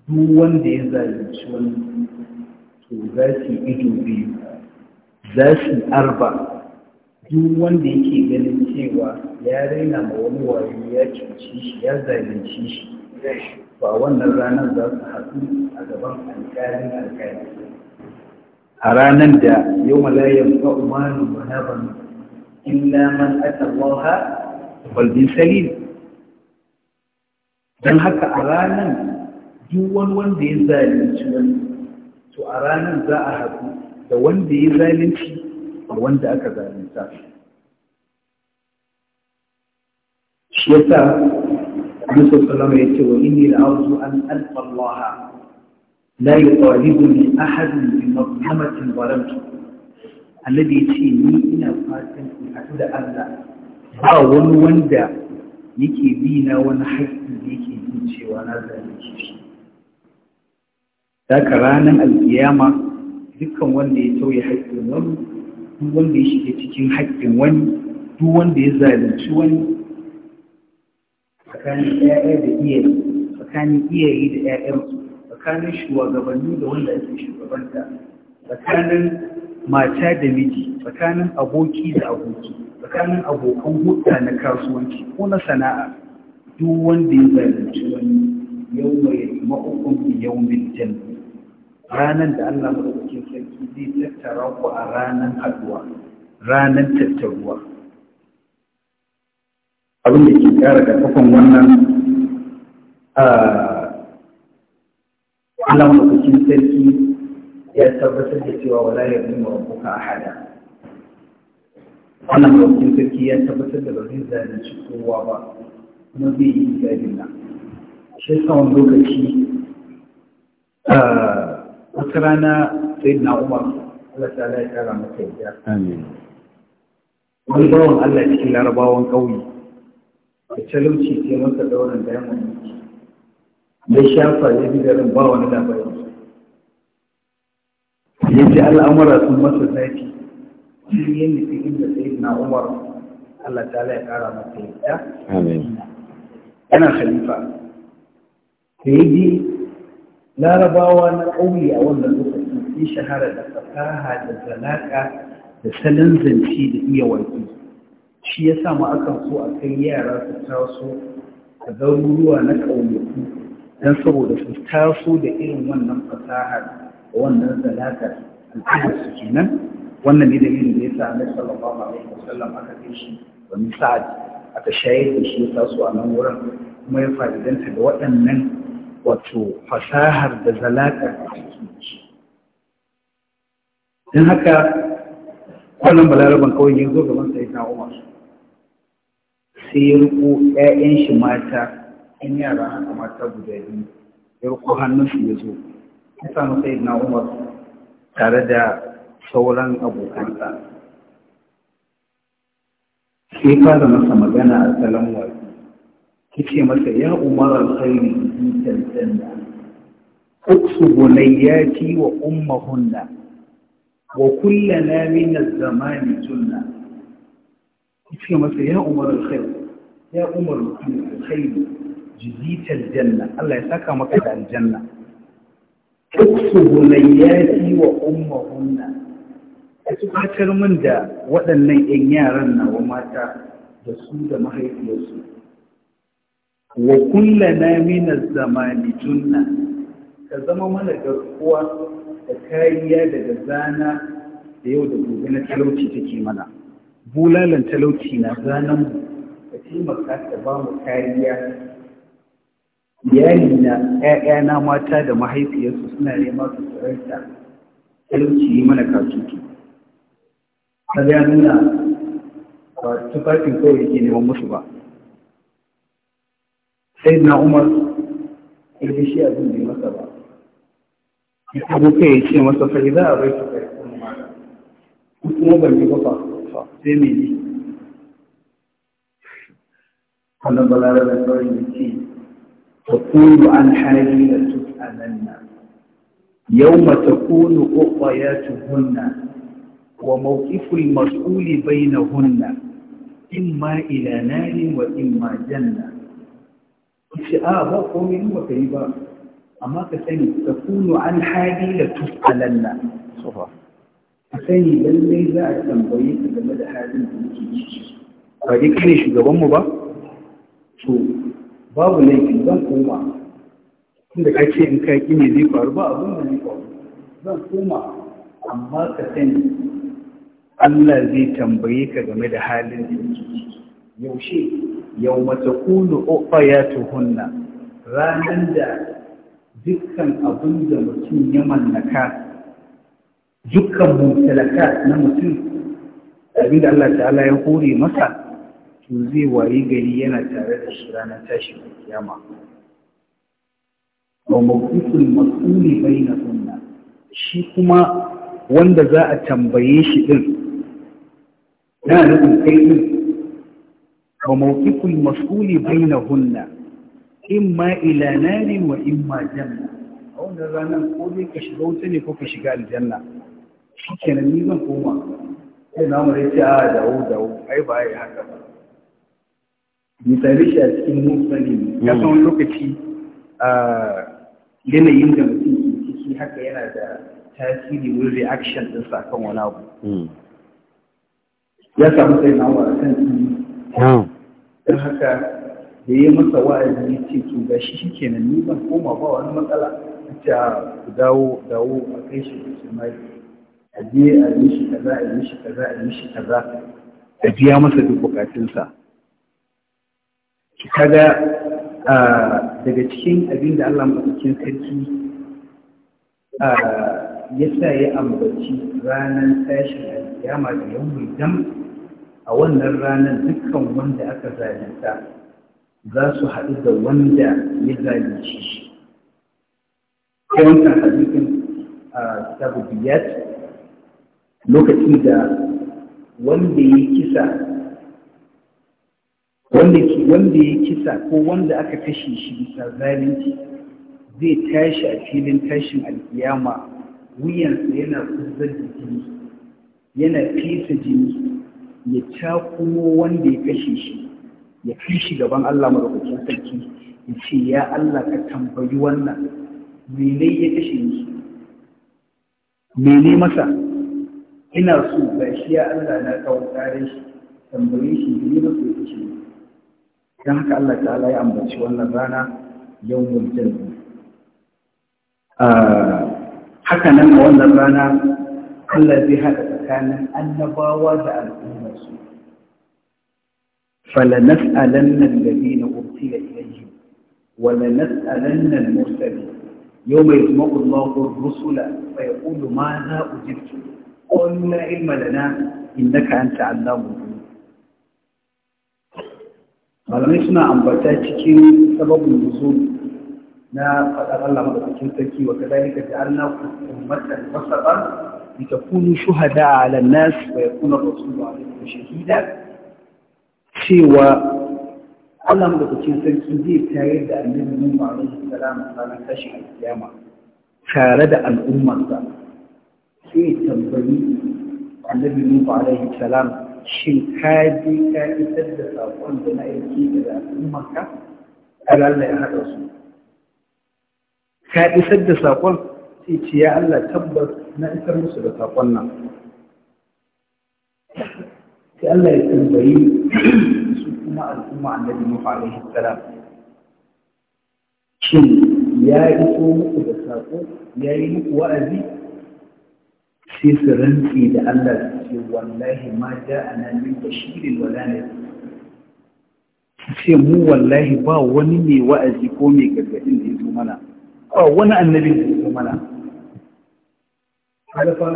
duk wanda ya zalunci wani to za su ido biyu za su arba duk wanda yake ganin cewa ya raina ma wani wayo ya cuci shi ya zalunci shi ba wannan ranar za su haɗu a gaban alƙalin alƙali a ranar da yau malayan fa'umanin na banu illa man atallaha balbin salim don haka a ranar duk wani wanda ya zalunci wani to a ranar za a haɗu da wanda ya zalunci da wanda aka zalunta shi yasa Musa sallama ya ce wa inni la'awzu an alfa Allah la yuqalibuni ahadun bi mazlamatin Mahammacin annabi ya ce ni ina fatan in haɗu da Allah ba wani wanda yake bi na wani haƙƙi da yake jin cewa na zalunce shi Daka ranar alkiyama dukkan wanda ya tauye haƙƙin wani wanda ya shiga cikin haƙƙin wani duk wanda ya zalunci wani tsakanin ƴaƴa da iyaye tsakanin iyaye da ƴaƴansu tsakanin shugabanni da wanda ake shugabanta tsakanin mata da miji tsakanin aboki da aboki tsakanin abokan hudda na kasuwanci ko na sana'a duk wanda ya zalunci wani yau mai ma'ukun yau mai jannu ranar da Allah madaukakin sarki zai tattara ku a ranar haduwa ranar tattaruwa abin da ke ƙara ƙarfafan wannan Allah madaukakin sarki ya tabbatar da cewa wala ya bi rabbuka ahada wannan madaukakin sarki ya tabbatar da ba zai zalunci kowa ba kuma zai yi zalunci shi sa wani lokaci wata rana sai na umar Allah ta ya kara masa yadda wani bawan Allah cikin larabawan ƙauye da talauci sai masa daurin da yamma ya shafa ya bi garin ba wani labari ya ce al'amura sun masa zafi sun yi nufi inda sai na umar Allah ta ya kara masa yadda yana khalifa sai ya larabawa na ƙauye a wannan lokaci sun shahara da fasaha da zalaka da salon zance da iya waƙi shi ya samu akan so a kai yara su taso a garuruwa na ƙauyaku don saboda su taso da irin wannan fasaha da wannan zalaka al'adar su kenan wannan ne dalilin da ya sa annabi sallallahu alaihi wasallam aka kai shi wani sa'ad aka shayar da shi ya taso a nan wurin kuma ya fa'idanta da waɗannan wato fasahar da zalaƙar da ciki don haka kwanan balaraban kawai ya zo gaban sai ta umar sai ya riko ƴaƴan shi mata 'yan yara haka mata guda biyu ya riko hannun su ya zo ya samu sai na umar tare da sauran abokansa sai fara masa magana a salon wasu kice masa ya umar alkhairi الجنة أقصب بنياتي وأمهن وكلنا من الزمان جنة في مثل يا عمر الخير يا عمر الخير جزيت الجنة الله يساك مكة الجنة أقصب بنياتي وأمهن أتبعتر من دا وأن ينيارن وماتا da su da mahaifiyarsu wa kulla na az-zamani junna ka zama mana garkuwa da kariya daga zana da yau da gobe na talauci take mana bulalan talauci na zanan mu ka taimaka ta ba mu kariya iyali na ƴaƴana mata da mahaifiyarsu suna nema su tsaranta talauci yi mana kasutu kaga ya nuna ba tufafin kawai yake neman musu ba سيدنا عمر قال لي إيه، شيء أدن بي مثلا يحبوا شيء مثلا فإذا أريدك يكون معنا قلت نظر لي بطا فاهمي لي قال الضلالة بطاري تقول عن حالي لتسألنا يوم تكون اخرياتهن وموقف المسؤول بينهن إما إلى نار وإما جنة yace a ba komai in baka yi ba amma ka sani ta kunu an hadi da tusalanna sofa ka sani lallai za a tambaye ka game da halin da muke ciki ba dai kane shugaban mu ba to babu laifi zan koma tunda ka ce in ka ki ne zai faru ba abin da zai faru zan koma amma ka sani Allah zai tambaye ka game da halin da muke ciki yaushe yau mace ya tuhunna ranar da dukkan abin da mutum ya mallaka dukkan mutalaka na mutum abin da Allah ta'ala ya hore masa to zai wayi gari yana tare da shi ranar tashi da kiyama wa bai mas'uli sunna shi kuma wanda za a tambaye shi din na nufin kai din وموقف المسؤول بينهن إما إلى نار وإما جنة أو نرانا قولي كشغوتني فكشغال الجنة شكرا نيزا قوما sai na mu ce a dawo dawo ai ba ya haka ba misali shi a cikin musani ya san lokaci a yanayin da mutum ke ciki haka yana da tasiri wurin reaction din sa kan wani abu ya samu sai na wa kan don haka da ya masa wa'azi ya ce to ga shi shikenan ni ban koma ba wani matsala a dawo a kai shi da mai a je a yi shi kaza a yi shi kaza a yi shi kaza a biya masa duk bukatunsa kaga daga cikin abin da Allah maɗaukakin sarki ya sa ya ambaci ranar tashin alkiyama da yawon dam a wannan ranar dukkan wanda aka zalunta za su haɗu da wanda ya zalunci shi sai wancan hadisin a kitabu biyat lokacin da wanda ya kisa wanda ya kisa ko wanda aka kashe shi bisa zalunci zai tashi a filin tashin alkiyama wuyansa yana kuzzar da jini yana fesa jini ya cakumo wanda ya kashe shi ya kai shi gaban Allah madaukakin sarki ya ce ya Allah ka tambayi wannan mene ya kashe ni mene masa ina so ga shi ya Allah na kawo tsarin shi tambaye shi mene masa ya kashe ni dan haka Allah ta'ala ya ambaci wannan rana yawmul jannah ah, haka nan a wannan rana Allah zai haɗa tsakanin annabawa da al'umma فلنسألن الذين أرسل إليهم ولنسألن المرسلين يوم يسمع الله الرسل فيقول ماذا أجبتم قل لا علم لنا إنك أنت علام الغيوب malamai suna ambata cikin sababin nuzul na faɗar Allah madaukakin sarki wa kadhalika ja'alna ummatan wasatan litakunu shuhada 'ala an-nas wa yakuna ar-rasulu 'alaykum shahida cewa Allah mu da cikin sarki zai tayar da annabi Muhammad alaihi salam ranar tashin alkiyama tare da al'ummarsa sai tambayi annabi Muhammad alaihi salam shin ka je ka isar da saƙon da na aiki da al'ummarka har Allah ya haɗa su ka isar da saƙon sai ce ya Allah tabbas na isar musu da saƙon nan sai Allah ya tambayi na al'umma annabi Nuhu alaihi salam shin ya iso muku da sako ya yi muku wa'azi sai su rantsi da Allah su ce wallahi ma ja a nan min bashirin wala ne. nadhir ce mu wallahi ba wani mai wa'azi ko mai gargadin da ya zo mana ba wani annabin da ya zo mana halafa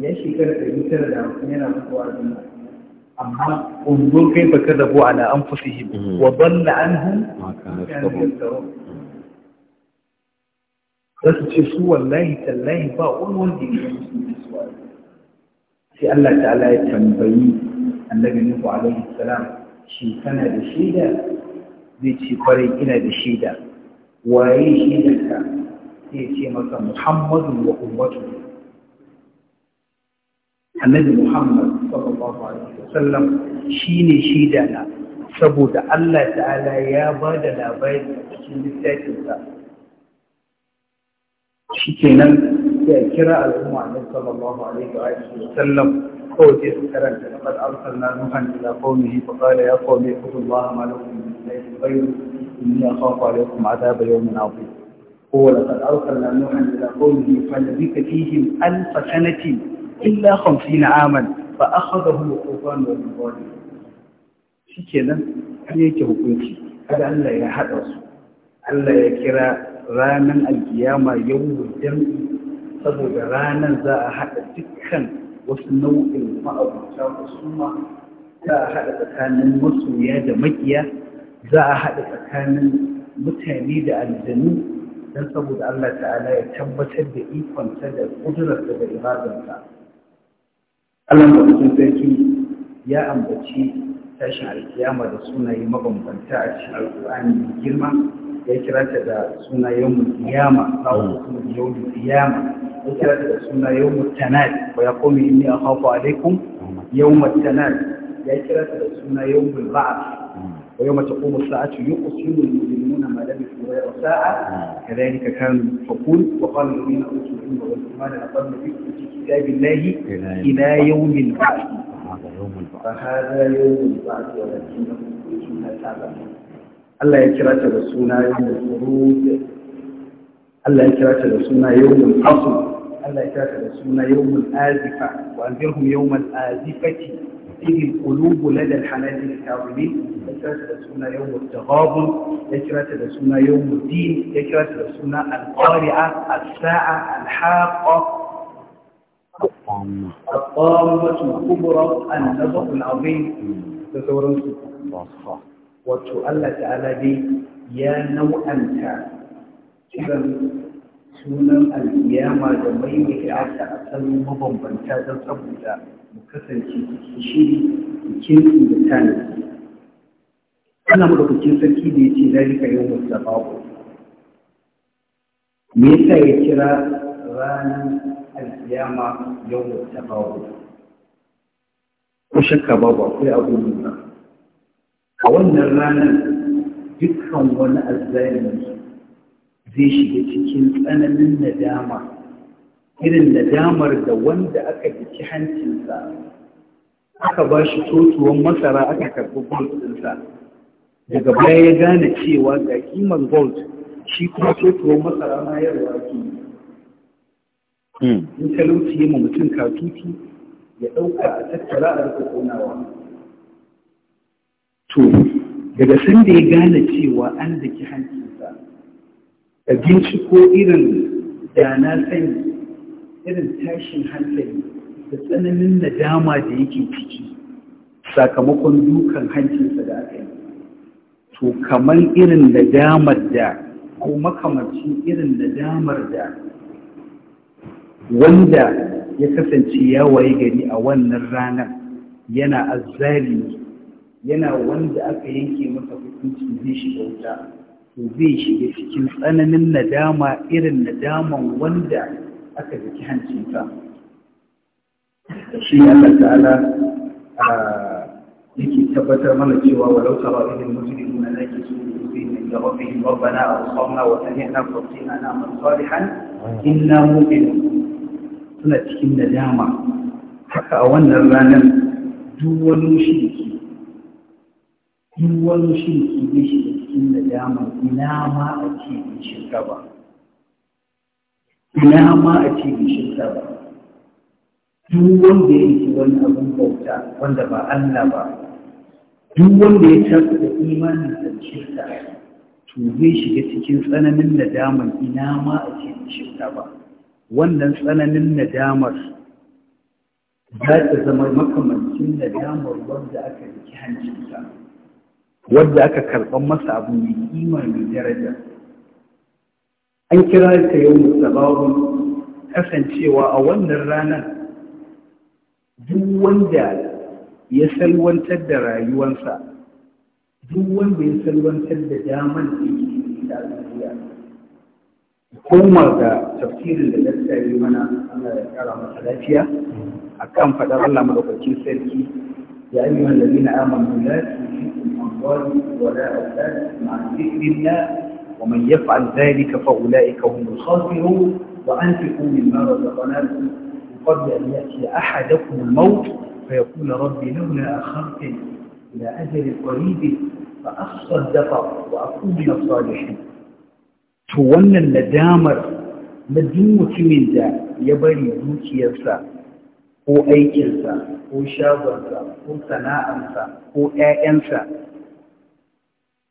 ya shekara ɗari tara da hamsin yana mutuwa a duniya amma unzur kai baka rabu ala an anfusihim mhm. wa dalla anhum zasu ce su wallahi tallahi ba wani wanda ya sai Allah ta'ala ya tambayi annabi Nuhu alaihi salam shi kana da shaida zai ce kwarai ina da shaida waye shaidarka sai ce masa Muhammadu wa ummatu annabi Muhammad sallallahu alaihi wasallam shine shi da na saboda Allah ta'ala ya bada da labari a cikin littafinsa shi kenan ya kira al'umma ne sallallahu alaihi wasallam ko kawai su karanta na qad arsalna nuhan ila qaumihi fa qala ya qaumi ibudullaha ma lakum min ilahin ghayru inni akhafu alaykum adhab yawmin adhim هو لقد أرسلنا نوحا إلى قومه فلبث فيهم ألف سنة إلا خمسين عاما فأخذه القرآن والمظالم شكرا أن يكيه هذا أن لا يحدث أن لا يكرى رانا القيامة يوم الجمع صدق رانا ذا أحد سكا وسنوء المأبوشا والسمة ذا أحد تكان المسوية دمجية ذا أحد تكان متانيد الجنوب don saboda Allah ta'ala ya tabbatar da ikonsa da ƙudurarsa da iradarsa Allah maɗaukin sarki ya ambaci tashin alkiyama da sunaye mabambanta a cikin alkur'ani mai girma ya kira ta da suna yawon kiyama yawon kiyama ya kira ta da suna tanad ya komi inni a hafa alaikum yawon tanad ya kira ta da suna ba'a ويوم تقوم الساعة يقسم المؤمنون ما لبثوا غير ساعة كذلك كانوا يقول وقال الذين أوتوا العلم والإيمان لقد لبثت في كتاب الله إلى يوم البعث هذا يوم البعث فهذا يوم البعث ولكنهم كنتم لا تعلمون الله يكرات رسولنا يوم الخروج الله يكرات رسولنا يوم الحصر الله يكرات رسولنا يوم الآزفة وأنذرهم يوم الآزفة إذ القلوب لدى الحناجر الكاظمين يكرا تدرسون يوم التغابن يكرا تدرسون يوم الدين يكرا تدرسون القارعة الساعة الحاقة الطامة الكبرى النبأ العظيم تصورون وتؤلت على بي يا نوعا انت sunan alkiyama da maimaita ta a tsanin mabambanta don saboda mu kasance cikin shiri cikin da tanadi ana madaukakin sarki da ya ce zalika yau musababu me yasa ya kira ranar alkiyama yau musababu ko shakka babu akwai abubuwa a wannan ranar dukkan wani azzalimi zai shiga cikin tsananin nadama irin nadamar da wanda aka biki hancinsa aka ba shi totuwan masara aka karɓi gold ɗinsa daga baya ya gane cewa ga kimar gold shi kuma totuwan masara na yarwa ke hmm. in talauci ya ma mutum katutu ya ɗauka a tattara a rufe ƙonawa to daga sanda ya gane cewa an daki hanci da binciko irin da na sani irin tashin hankali da tsananin nadama da yake ciki sakamakon dukan hancinsa da aka yi to kamar irin nadamar da ko makamacin irin nadamar da wanda ya kasance ya waye gari a wannan ranar yana azzali yana wanda aka yanke masa hukunci zai shiga wuta to zai shiga cikin tsananin nadama irin nadaman wanda aka zaki hancinsa shi Allah ta'ala yake tabbatar mana cewa walau tara idil mujrimuna la yasunu bihim illa rabbihim rabbana absarna wa sami'na fatina na na man salihan inna mu'minun suna cikin nadama haka a wannan ranar duk wani ke. duk wani shirki ne shi cikin nadama ina ma a ce in ina ma a ce in duk wanda ya yi wani abin bauta wanda ba Allah ba duk wanda ya tafi da imanin da shirka to zai shiga cikin tsananin nadamar ina ma a ce in wannan tsananin nadamar za ta zama makamancin nadamar wanda aka riki hancinsa wadda aka karɓan masa abu mai kima mai daraja an kira ta yau musabawun kasancewa a wannan ranar duk wanda ya salwantar da rayuwansa duk wanda ya salwantar da daman da yake da duniya koma ga tafsirin da lantarki mana ana da kara masa lafiya kan faɗar Allah madaukakin sarki ya yi ladina amanu la tusiku الضال ولا أولاد عن ذكر الله ومن يفعل ذلك فأولئك هم الخاسرون وأنفقوا مما رزقناكم قبل أن يأتي أحدكم الموت فيقول رب لولا أخرتني إلى أجل قريب فأصدق وأكون من الصالحين تولى wannan مدينة من ذا يبري da ya bari dukiyarsa ko aikinsa ko shagonsa ko sana'arsa ko 'ya'yansa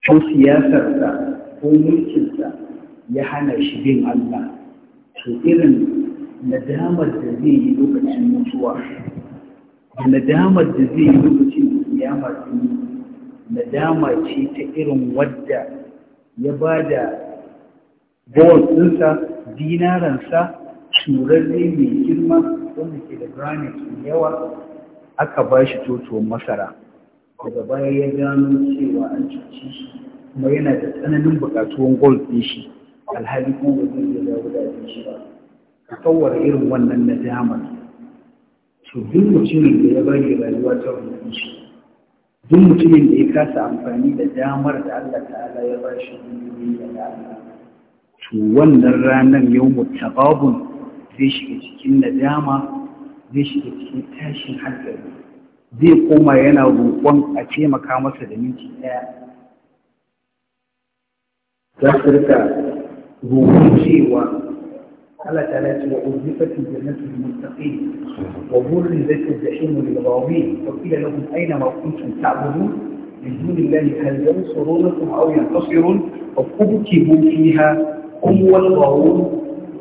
ko siyasarsa ko mulkinsa ya hana shi bin Allah to irin nadamar da zai yi lokacin mutuwa da nadamar da zai yi lokacin kiyama nadama ce ta irin wadda ya ba da bawon ɗinsa dinaransa mai girma wanda ke da granite mai yawa aka ba shi totuwar masara daga baya ya gano cewa an cuci shi kuma yana da tsananin buƙatuwan gold ɗin shi alhali kuma ba zai iya dawo da shi ba ka kawar irin wannan nadamar to duk mutumin da ya bari rayuwa ta rufe shi duk mutumin da ya kasa amfani da damar da Allah ta'ala ya ba shi duniya da Allah to wannan ranar yau mutababun zai shiga cikin nadama zai shiga cikin tashin hankali zai koma yana roƙon a taimaka masa da minti ɗaya za su rika roƙon cewa Allah ta lati wa uzifatin jannatul muttaqin wa da burrizatil da lil ghawin wa qila lahum aina ma da kuntum ta'budun min dunillahi hal yansurunakum aw yantasirun wa kubkibu fiha kuma wal ghawun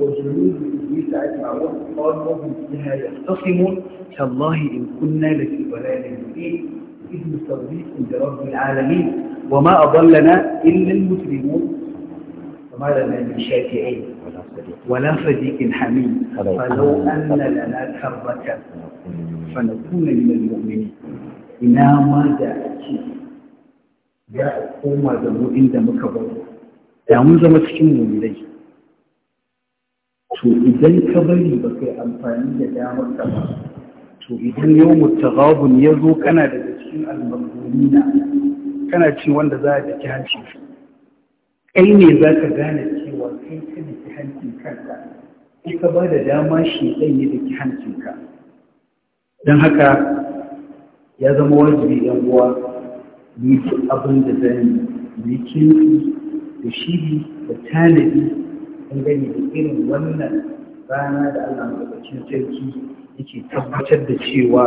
wa julud جبريل ساعات مع الله قال وهم فيها يختصمون تالله إن كنا لفي ضلال مبين إذ نستغيثكم برب العالمين وما أضلنا إلا المسلمون وما لنا من شافعين ولا صديق حميد فلو أن لنا كرة فنكون من المؤمنين ina ma da ake ya koma da mu inda muka bari da mun zama cikin mummunai to idan ka bari ba kai amfani da damar ka ba to idan yau mutaghabun ya zo kana daga cikin almaghrumina kana ci wanda za a daki hanci kai ne za ka gane cewa kai ka daki hancin kanka kai ka ba da dama shi ɗan ya daki hancin ka don haka ya zama wajibi yan uwa ni abin da zan yi ni da shiri da tanadi gani da irin wannan rana da Allah maɗaukacin sarki yake tabbatar da cewa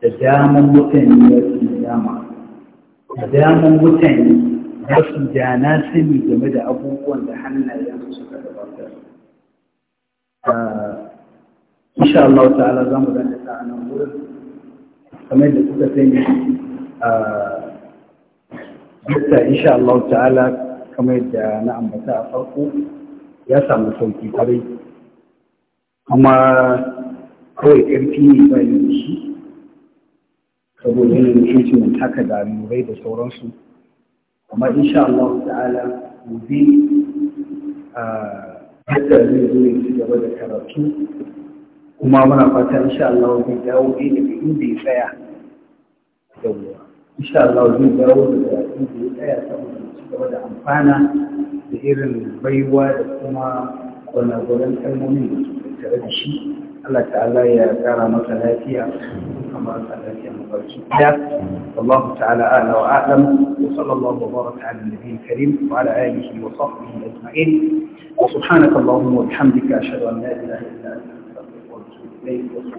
da daman mutane ya su dama da daman mutane za su da na sani game da abubuwan da hannayen hannayensu suka gabatar ah, insha Allah ta'ala za mu danta ta a nan wurin kamar da kuka sani ah, a insha Allah ta'ala kamar da na ambata a farko ya samu sauki kwarai kuma kawai ƙarfi ne ba yi shi saboda yanayin mai taka da murai da sauransu amma insha Allah ta'ala gobe a yadda zai zo ya ci gaba da karatu kuma muna fata insha Allah zai dawo ne daga inda ya tsaya yawwa insha Allah zai dawo daga inda ya tsaya saboda ci gaba da amfana da irin baiwa da kuma gwanagwaran kalmomin da suke tare da shi Allah ta'ala ya kara masa lafiya kamar sa lafiya mafarki da Allah ta'ala ala wa adam wa sallallahu baraka ala nabiyyi karim wa ala alihi wa sahbihi ajma'in wa subhanaka allahumma wa bihamdika ashhadu an la ilaha illa anta astaghfiruka wa atubu ilayk